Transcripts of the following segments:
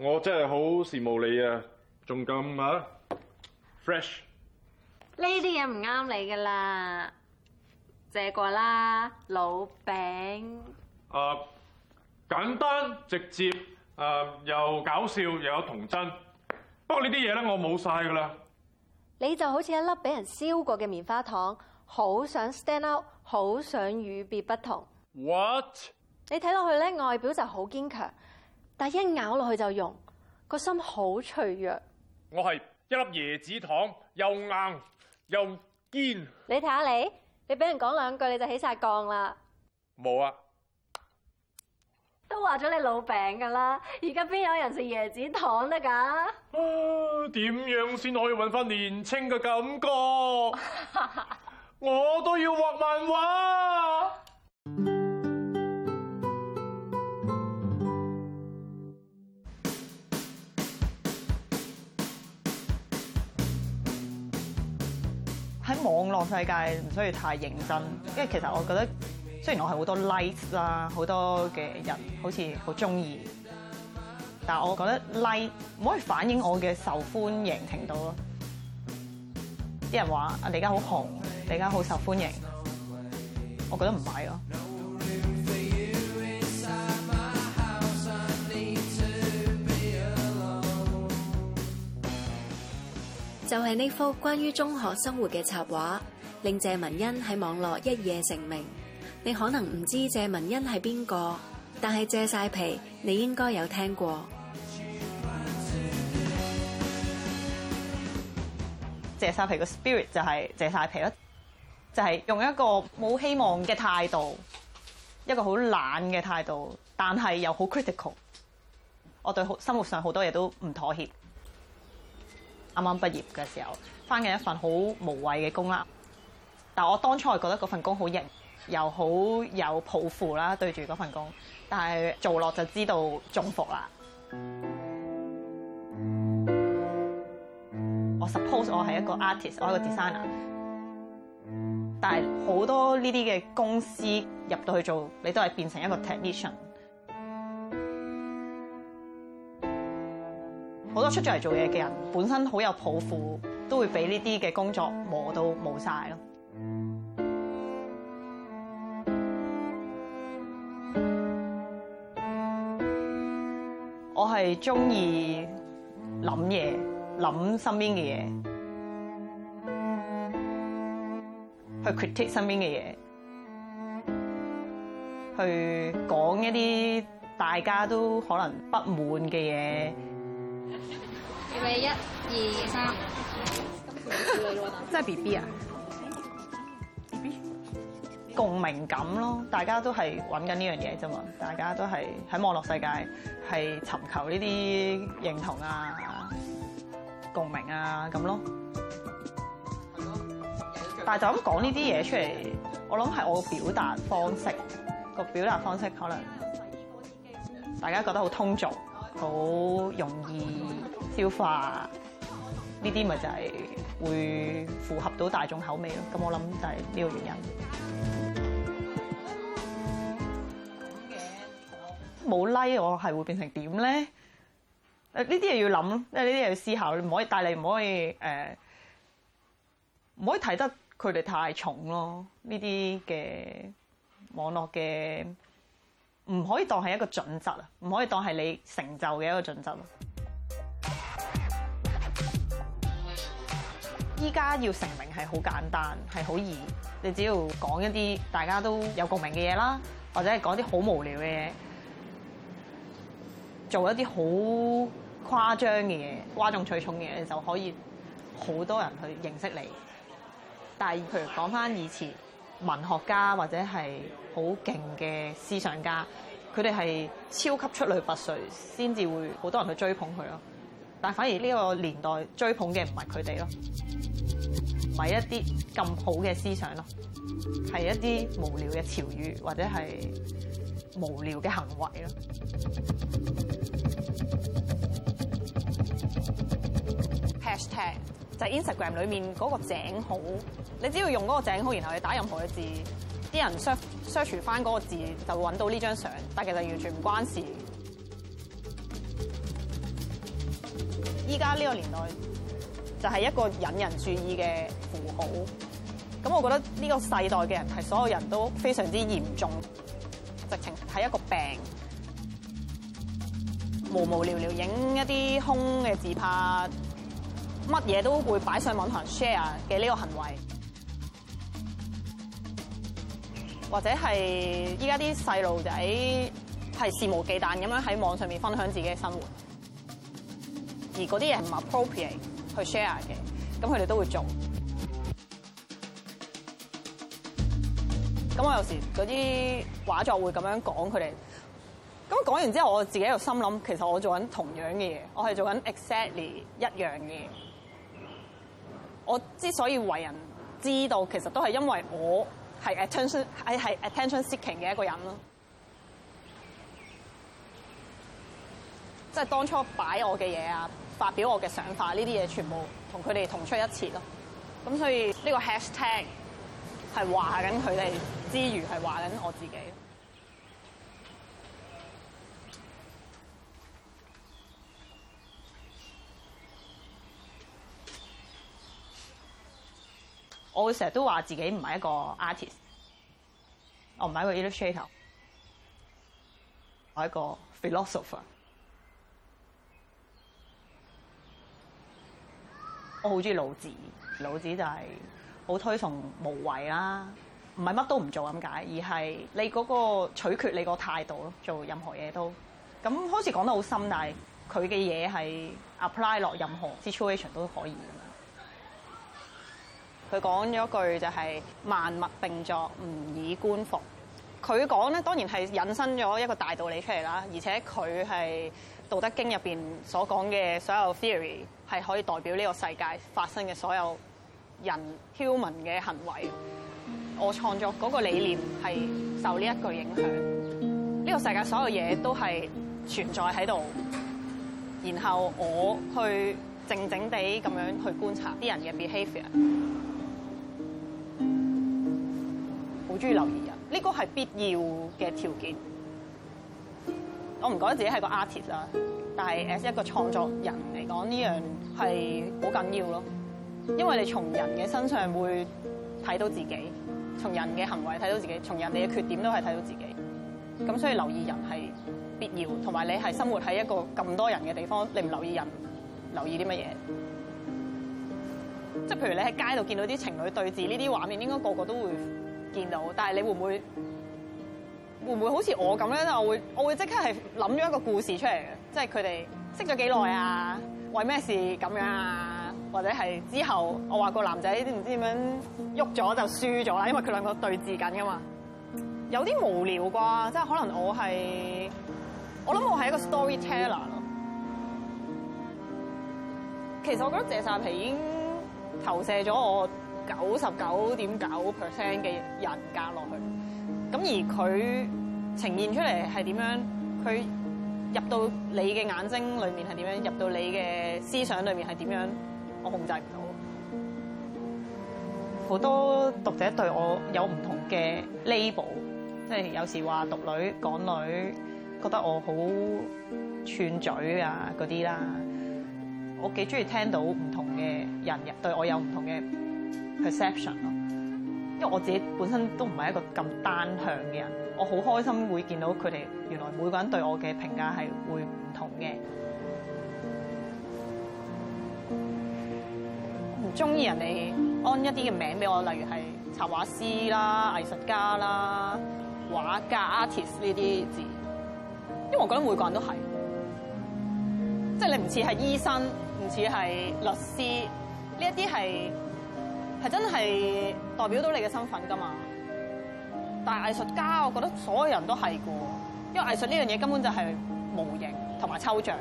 我真係好羨慕你啊，仲咁啊 fresh？呢啲嘢唔啱你噶啦，借過啦，老餅。誒，uh, 簡單直接，誒，uh，又搞笑又有童真。不過呢啲嘢咧，我冇晒噶啦。你就好似一粒俾人燒過嘅棉花糖，好想 stand out，好想與別不同。What？你睇落去咧，外表就好堅強。但一咬落去就溶，個心好脆弱。我係一粒椰子糖，又硬又堅。你睇下你，你俾人講兩句你就起晒鋼啦。冇啊，都話咗你老餅噶啦，而家邊有人食椰子糖得噶？點、啊、樣先可以搵返年青嘅感覺？ 我都要畫漫畫。網絡世界唔需要太認真，因為其實我覺得，雖然我係好多 likes 啦，好多嘅人好似好中意，但係我覺得 like 唔可以反映我嘅受歡迎程度咯。啲人話你而家好紅，你而家好受歡迎，我覺得唔係咯。就係呢幅關於中學生活嘅插畫，令謝文欣喺網絡一夜成名。你可能唔知謝文欣係邊個，但係謝曬皮你應該有聽過。謝曬皮個 spirit 就係謝曬皮啦，就係用一個冇希望嘅態度，一個好懶嘅態度，但係又好 critical。我對生活上好多嘢都唔妥協。啱啱畢業嘅時候，返嘅一份好無謂嘅工啦。但係我當初係覺得嗰份工好型，又好有抱負啦，對住嗰份工。但係做落就知道中伏啦。 我 suppose 我係一個 artist，我係一個 designer。但係好多呢啲嘅公司入到去做，你都係變成一個 technician。好多出咗嚟做嘢嘅人，本身好有抱負，都會俾呢啲嘅工作磨到冇晒咯。我係中意諗嘢，諗身邊嘅嘢，去 critic 身邊嘅嘢，去講一啲大家都可能不滿嘅嘢。你一二三，2 1, 2, 真係 B B 啊！B B 共鳴感咯，大家都係揾緊呢樣嘢啫嘛，大家都係喺網絡世界係尋求呢啲認同啊、共鳴啊咁咯。嗯、但係就咁講呢啲嘢出嚟，我諗係我嘅表達方式，個、嗯、表達方式可能大家覺得好通俗、好容易。消化，呢啲咪就係會符合到大眾口味咯，咁我諗就係呢個原因。冇 like 我係會變成點咧？誒呢啲嘢要諗咯，因呢啲嘢要思考，你唔可，可以，但係唔可以誒，唔可以睇得佢哋太重咯。呢啲嘅網絡嘅唔可以當係一個準則啊，唔可以當係你成就嘅一個準則咯。依家要成名係好簡單，係好易。你只要講一啲大家都有共鳴嘅嘢啦，或者係講啲好無聊嘅嘢，做一啲好誇張嘅嘢、嘩眾取寵嘅嘢就可以，好多人去認識你。但係譬如講返以前文學家或者係好勁嘅思想家，佢哋係超級出類拔萃，先至會好多人去追捧佢咯。但反而呢個年代追捧嘅唔係佢哋咯，唔係一啲咁好嘅思想咯，係一啲無聊嘅潮語或者係無聊嘅行為咯。Hashtag 就係 Instagram 裏面嗰個井號，你只要用嗰個井號，然後你打任何嘅字，啲人 search search 翻嗰個字就會揾到呢張相，但其實完全唔關事。依家呢個年代就係一個引人注意嘅符號，咁我覺得呢個世代嘅人係所有人都非常之嚴重，直情係一個病，無無聊聊影一啲空嘅自拍，乜嘢都會擺上網上 share 嘅呢個行為，或者係依家啲細路仔係肆無忌憚咁樣喺網上面分享自己嘅生活。而嗰啲嘢唔 appropriate 去 share 嘅，咁佢哋都會做。咁我有時嗰啲畫作會咁樣講佢哋。咁講完之後，我自己又心諗，其實我做緊同樣嘅嘢，我係做緊 exactly 一樣嘢。我，樣的，我之所以為人知道，其實都係因為我係 attention 係 attention seeking 嘅一個人咯。即係當初擺我嘅嘢啊！發表我嘅想法，呢啲嘢全部同佢哋同出一次咯。咁所以呢個 hashtag 係話緊佢哋之餘，係話緊我自己。 我會成日都話自己唔係一個 artist，我唔係一個 illustrator，我係一個 philosopher。我好中意老子，老子就係好推崇無為啦，唔係乜都唔做咁解，而係你嗰個取決你個態度咯，做任何嘢都。咁好似講得好深，但係佢嘅嘢係 apply 落任何 situation 都可以咁樣。佢講咗句就係萬物並作，吾以觀復。佢講咧當然係引申咗一個大道理出嚟啦，而且佢係。道德經入面所講嘅所有 theory 係可以代表呢個世界發生嘅所有人 human 嘅行為。我創作嗰個理念係受呢一句影響。呢個世界所有嘢都係存在喺度，然後我去靜靜地咁樣去觀察啲人嘅 behavior。好中意留意人，呢個係必要嘅條件。我唔覺得自己係個 artist 啊，但係 as 一個創作人嚟講，呢樣係好緊要咯。因為你從人嘅身上會睇到自己，從人嘅行為睇到自己，從人哋嘅缺點都係睇到自己。咁所以留意人係必要，同埋你係生活喺一個咁多人嘅地方，你唔留意人，留意啲乜嘢？即係譬如你喺街度見到啲情侶對峙呢啲畫面，應該個個都會見到，但係你會唔會？會唔會好似我咁樣咧？我會我會即刻係諗咗一個故事出嚟嘅，即係佢哋識咗幾耐啊？為咩事咁樣啊？或者係之後我話個男仔唔知點樣喐咗就輸咗啦，因為佢兩個對峙緊㗎嘛。有啲無聊啩，即係可能我係我諗我係一個 storyteller 咯。嗯、其實我覺得謝曬皮已經投射咗我九十九點九 percent 嘅人格落去。咁而佢呈現出嚟係點樣？佢入到你嘅眼睛裏面係點樣？入到你嘅思想裏面係點樣？我控制唔到。好多讀者對我有唔同嘅 label，即係有時話獨女、港女，覺得我好串嘴啊嗰啲啦。我幾中意聽到唔同嘅人對我有唔同嘅 perception 咯。因為我自己本身都唔係一個咁單向嘅人，我好開心會見到佢哋。原來每個人對我嘅評價係會唔同嘅。唔中意人哋安一啲嘅名俾我，例如係插畫師啦、藝術家啦、畫家、artist 呢啲字，因為我覺得每個人都係，即係你唔似係醫生，唔似係律師呢一啲係。係真係代表到你嘅身份㗎嘛，但係藝術家，我覺得所有人都係㗎，因為藝術呢樣嘢根本就係無形同埋抽象，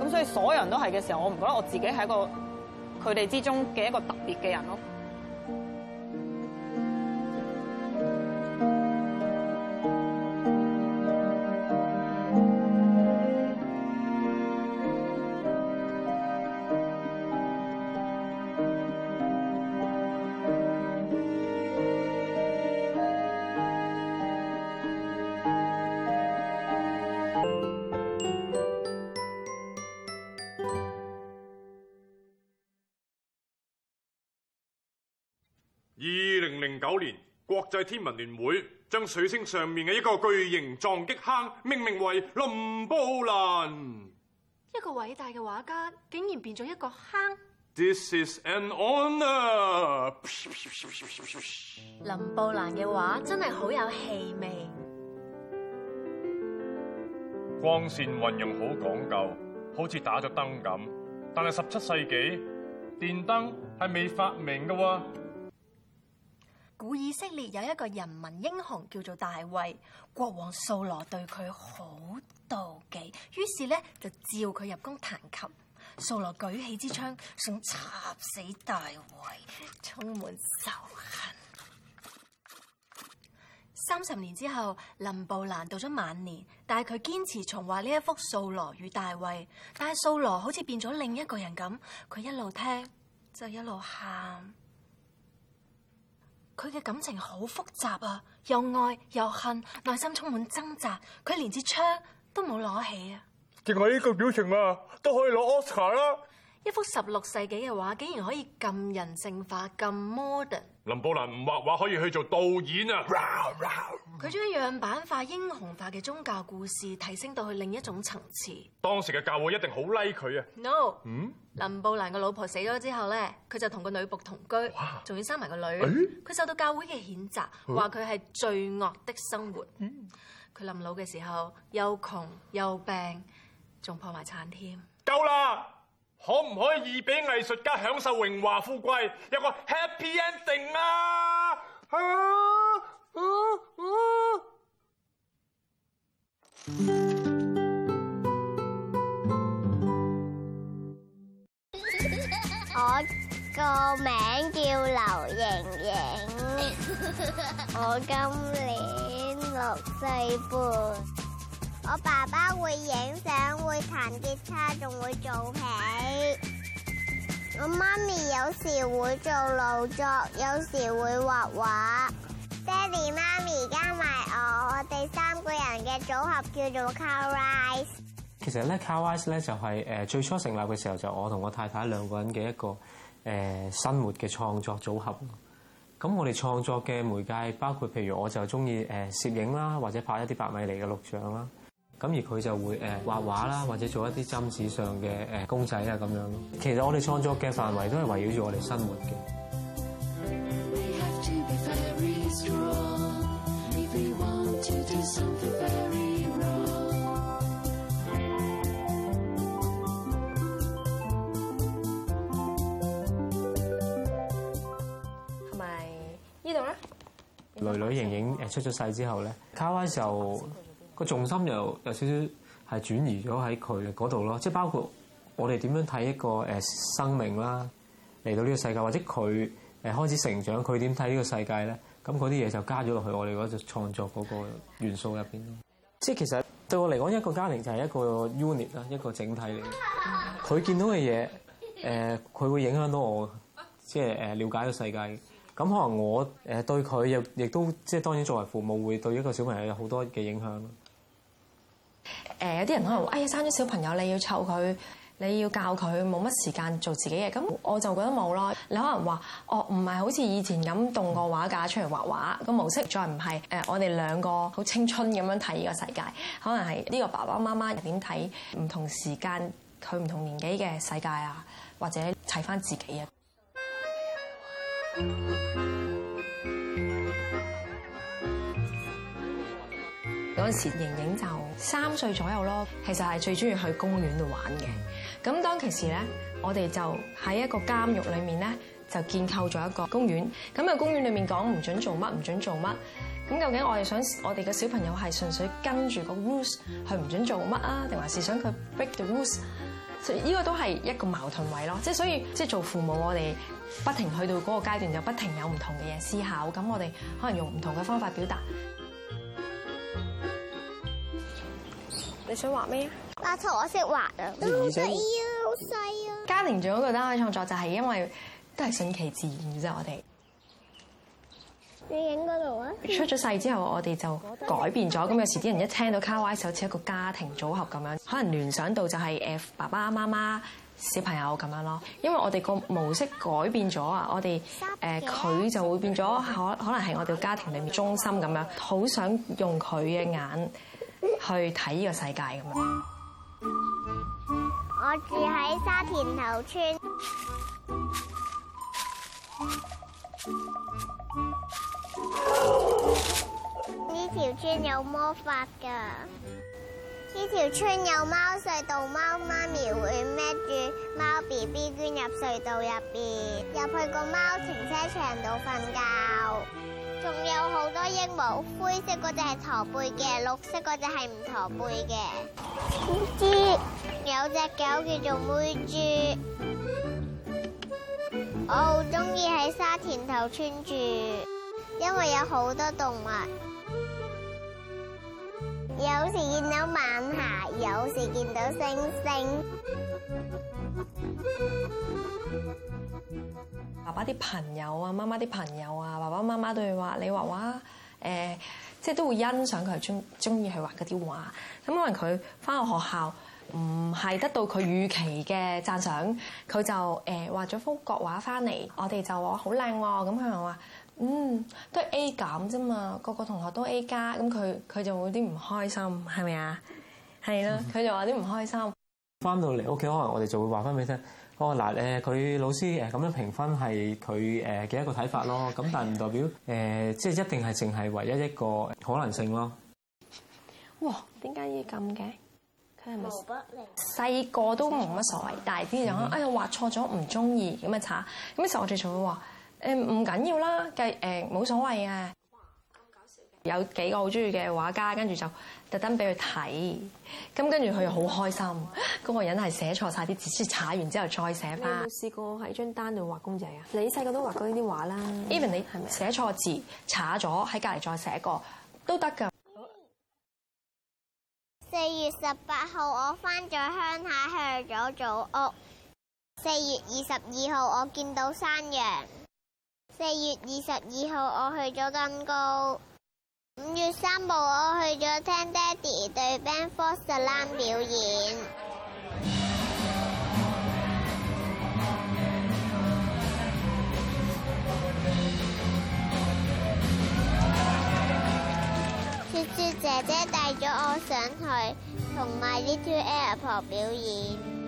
咁所以所有人都係嘅時候，我唔覺得我自己係一個佢哋之中嘅一個特別嘅人咯。九年，國際天文聯會將水星上面嘅一個巨型撞擊坑命名為林布蘭。一個偉大嘅畫家，竟然變咗一個坑。This is an honour。林布蘭嘅畫真係好有氣味，光線運用好講究，好似打咗燈咁。但係十七世紀電燈係未發明㗎喎。古以色列有一個人民英雄叫做大衛，國王掃羅對佢好妒忌，於是呢就召佢入宮彈琴。掃羅舉起支槍想插死大衛，充滿仇恨。三十年之後，林布蘭到咗晚年，但係佢堅持重畫呢一幅掃羅與大衛，但係掃羅好似變咗另一個人咁，佢一路聽就一路喊。佢嘅感情好複雜啊，又愛又恨，內心充滿掙扎。佢連支槍都冇攞起啊！淨係呢個表情啊，都可以攞 Oscar 啦，啊！一幅十六世紀嘅畫，竟然可以咁人性化、咁 modern。林布蘭唔畫畫可以去做導演啊！佢將樣板化英雄化嘅宗教故事提升到去另一種層次。當時嘅教會一定好 like 佢啊！No，嗯，林布蘭個老婆死咗之後咧，佢就同個女僕同居，仲哇要生埋個女。佢、欸、受到教會嘅譴責，話佢係罪惡的生活。佢臨、嗯、老嘅時候又窮又病，仲破埋產添。夠啦！可唔可以俾藝術家享受榮華富貴，有個 happy ending 啊！我個名叫劉瑩瑩，我今年六歲半。我爸爸會影相，會彈吉他，仲會做皮。我媽咪有時會做勞作，有時會畫畫。爹哋媽咪加埋我，我哋三個人嘅組合叫做 Cowrice。其實咧，Cowrice 咧就係誒最初成立嘅時候就我同我太太兩個人嘅一個誒生活嘅創作組合。咁我哋創作嘅媒介包括譬如我就中意誒攝影啦，或者拍一啲八米厘嘅錄像啦。咁而佢就會誒畫畫啦，或者做一啲針紙上嘅誒公仔啊咁樣咯。其實我哋創作嘅範圍都係圍繞住我哋生活嘅。We have to be very strong, if we want to do something very wrong. 係咪？呢度咧？女女盈盈誒出咗世之後咧，卡威、嗯、就。個重心又有少少係轉移咗喺佢嗰度咯，即係包括我哋點樣睇一個誒生命啦，嚟到呢個世界，或者佢誒開始成長，佢點睇呢個世界咧？咁嗰啲嘢就加咗落去我哋嗰隻創作嗰個元素入邊咯。即係其實對我嚟講，一個家庭就係一個 unit 啦，一個整體嚟嘅。佢見到嘅嘢，誒佢會影響到我，即係誒瞭解個世界。咁可能我誒對佢又亦都即係當然作為父母，會對一個小朋友有好多嘅影響咯。誒、呃、有啲人可能說，哎呀，生咗小朋友，你要湊佢，你要教佢，冇乜時間做自己嘅，咁我就覺得冇啦。你可能話哦，唔係好似以前咁動個畫架出嚟畫畫，個模式再唔係，再唔係誒我哋兩個好青春咁樣睇呢個世界，可能係呢個爸爸媽媽點睇唔同時間佢唔同年紀嘅世界啊，或者睇翻自己啊。嗰陣時瑩瑩就。三歲左右咯，其實係最中意去公園度玩嘅。咁當其時咧，我哋就喺一個監獄裏面咧，就建構咗一個公園。咁啊，公園裏面講唔準做乜，唔準做乜。咁究竟我哋想，我哋嘅小朋友係純粹跟住個 rules 去唔準做乜啊，定還是想佢 break the rules？所以呢個都係一個矛盾位咯。即係所以，即係、就是、做父母，我哋不停去到嗰個階段，就不停有唔同嘅嘢思考。咁我哋可能用唔同嘅方法表達。你想畫咩啊？畫錯我識畫啊！好得意啊，好細啊！家庭仲有一個單位創作，就係因為都係順其自然嘅啫，我哋你影嗰度啊？出咗世之後，我哋就改變咗。咁有時啲人一聽到 Cowrice 就好似一個家庭組合咁樣，可能聯想到就係誒爸爸媽媽小朋友咁樣咯。因為我哋個模式改變咗啊，我哋誒佢就會變咗，可可能係我哋家庭裏面中心咁樣，好想用佢嘅眼。去睇呢個世界咁樣。我住喺沙田頭村，呢條村有魔法㗎。呢條村有貓隧道，貓媽咪會孭住貓 BB 捐入隧道入邊，入去個貓停車場度瞓覺。仲有好多鸚鵡，灰色嗰隻係駝背嘅，綠色嗰隻係唔駝背嘅。我有隻狗叫做妹豬，我好中意喺沙田頭穿住，因為有好多動物，有時見到晚霞，有時見到星星。嗯爸爸啲朋友啊，媽媽啲朋友啊，爸爸媽媽都會話：你畫畫誒、呃，即係都會欣賞佢，中中意去畫嗰啲畫。咁可能佢翻去學校唔係得到佢預期嘅讚賞，佢就誒、呃、畫咗幅國畫翻嚟，我哋就話好靚喎。咁佢又話：嗯，都係 A 減啫嘛，個個同學都 A 加。咁佢佢就會啲唔開心，係咪啊？係咯，佢就話啲唔開心。翻 到嚟屋企，可能我哋就會話翻俾佢聽。哦，嗱，誒佢老師誒咁樣的評分係佢誒嘅一個睇法咯，咁 但係唔代表誒、呃、即係一定係淨係唯一一個可能性咯。哇，點解要咁嘅？佢係咪細個都冇乜所謂，大啲就話哎呀，畫錯咗唔中意，咁樣擦。咁啲時候我哋就會話誒，唔緊要啦，計誒冇所謂啊。有幾個好中意嘅畫家，跟住就特登俾佢睇。咁跟住佢又好開心。嗰、嗰個人係寫錯曬啲字，擦完之後再寫返。有冇試過喺張單度畫公仔啊！你細個都畫過呢啲畫啦。Even 你寫錯字，擦咗喺隔離再寫過都得㗎。四月十八號，我翻咗鄉下，去咗祖屋。四月二十二號，我見到山羊。四月二十二號，我去咗金高。五月三號，我去咗聽爹哋對 Ben Foster Lam 表演。雪雪姐姐帶咗我上去，同埋 My Little Airport 表演。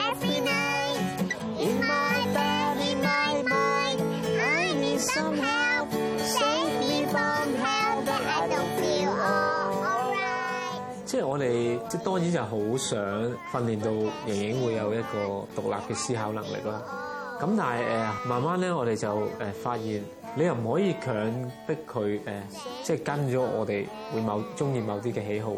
即當然就好想訓練到瑩瑩會有一個獨立嘅思考能力啦。咁但係誒，慢慢咧，我哋就誒發現，你又唔可以強逼佢誒即係跟咗我哋會某中意某啲嘅喜好。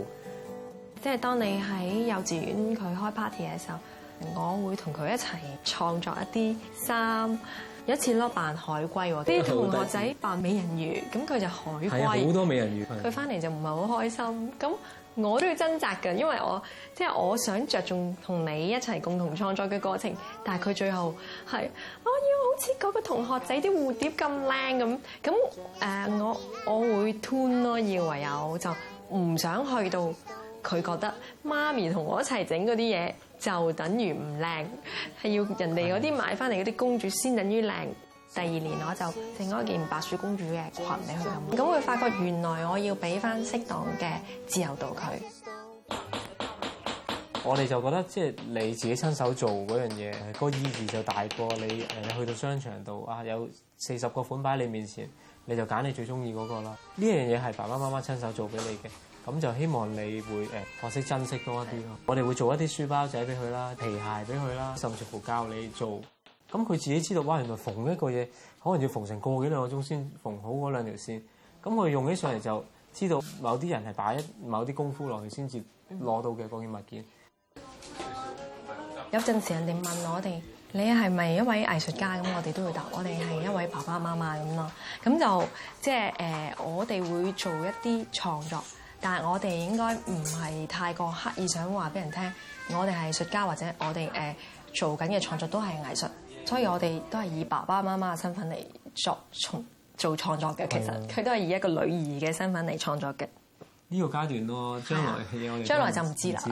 即係當你喺幼稚園佢開 party 嘅時候，我會同佢一齊創作一啲衫。有一次囉扮海龜，啲同學仔扮美人魚，咁佢就海龜。係啊，好多美人魚。佢翻嚟就唔係好開心。咁的。我都要掙扎㗎，因為我即係我想着重同你一齊共同創作嘅過程，但係佢最後係我要好似嗰個同學仔啲蝴蝶咁靚咁，咁誒我我會 turn 咯，要唯有就唔想去到佢覺得媽咪同我一齊整嗰啲嘢就等於唔靚，係要人哋嗰啲買返嚟嗰啲公主先等於靚。第二年我就整咗一件白雪公主嘅裙俾佢咁，咁佢發覺原來我要俾翻適當嘅自由度佢。我哋就覺得即係你自己親手做嗰樣嘢，嗰個意義就大過你誒、呃、去到商場度啊，有四十個款擺喺你面前，你就揀你最中意嗰個啦。呢樣嘢係爸爸媽媽親手做俾你嘅，咁就希望你會誒學識珍惜多一啲咯。的我哋會做一啲書包仔俾佢啦，皮鞋俾佢啦，甚至乎教你做。咁佢自己知道，哇！原來縫一個嘢，可能要縫成個幾兩個鐘先縫好嗰兩條線。咁我哋用起上嚟就知道，某啲人係擺某啲功夫落去先至攞到嘅嗰件物件。有陣時人哋問我哋，你係咪一位藝術家咁？ 我哋都會答 我哋係一位爸爸媽媽咁咯。咁就即係誒，我哋會做一啲創作，但係我哋應該唔係太過刻意想話俾人聽，我哋係藝術家，或者我哋誒、呃、做緊嘅創作都係藝術。所以我哋都係以爸爸媽媽嘅身份嚟作從做創作嘅，其實佢都係以一個女兒嘅身份嚟創作嘅。呢個階段咯，將來我哋係嘅將來就唔知啦。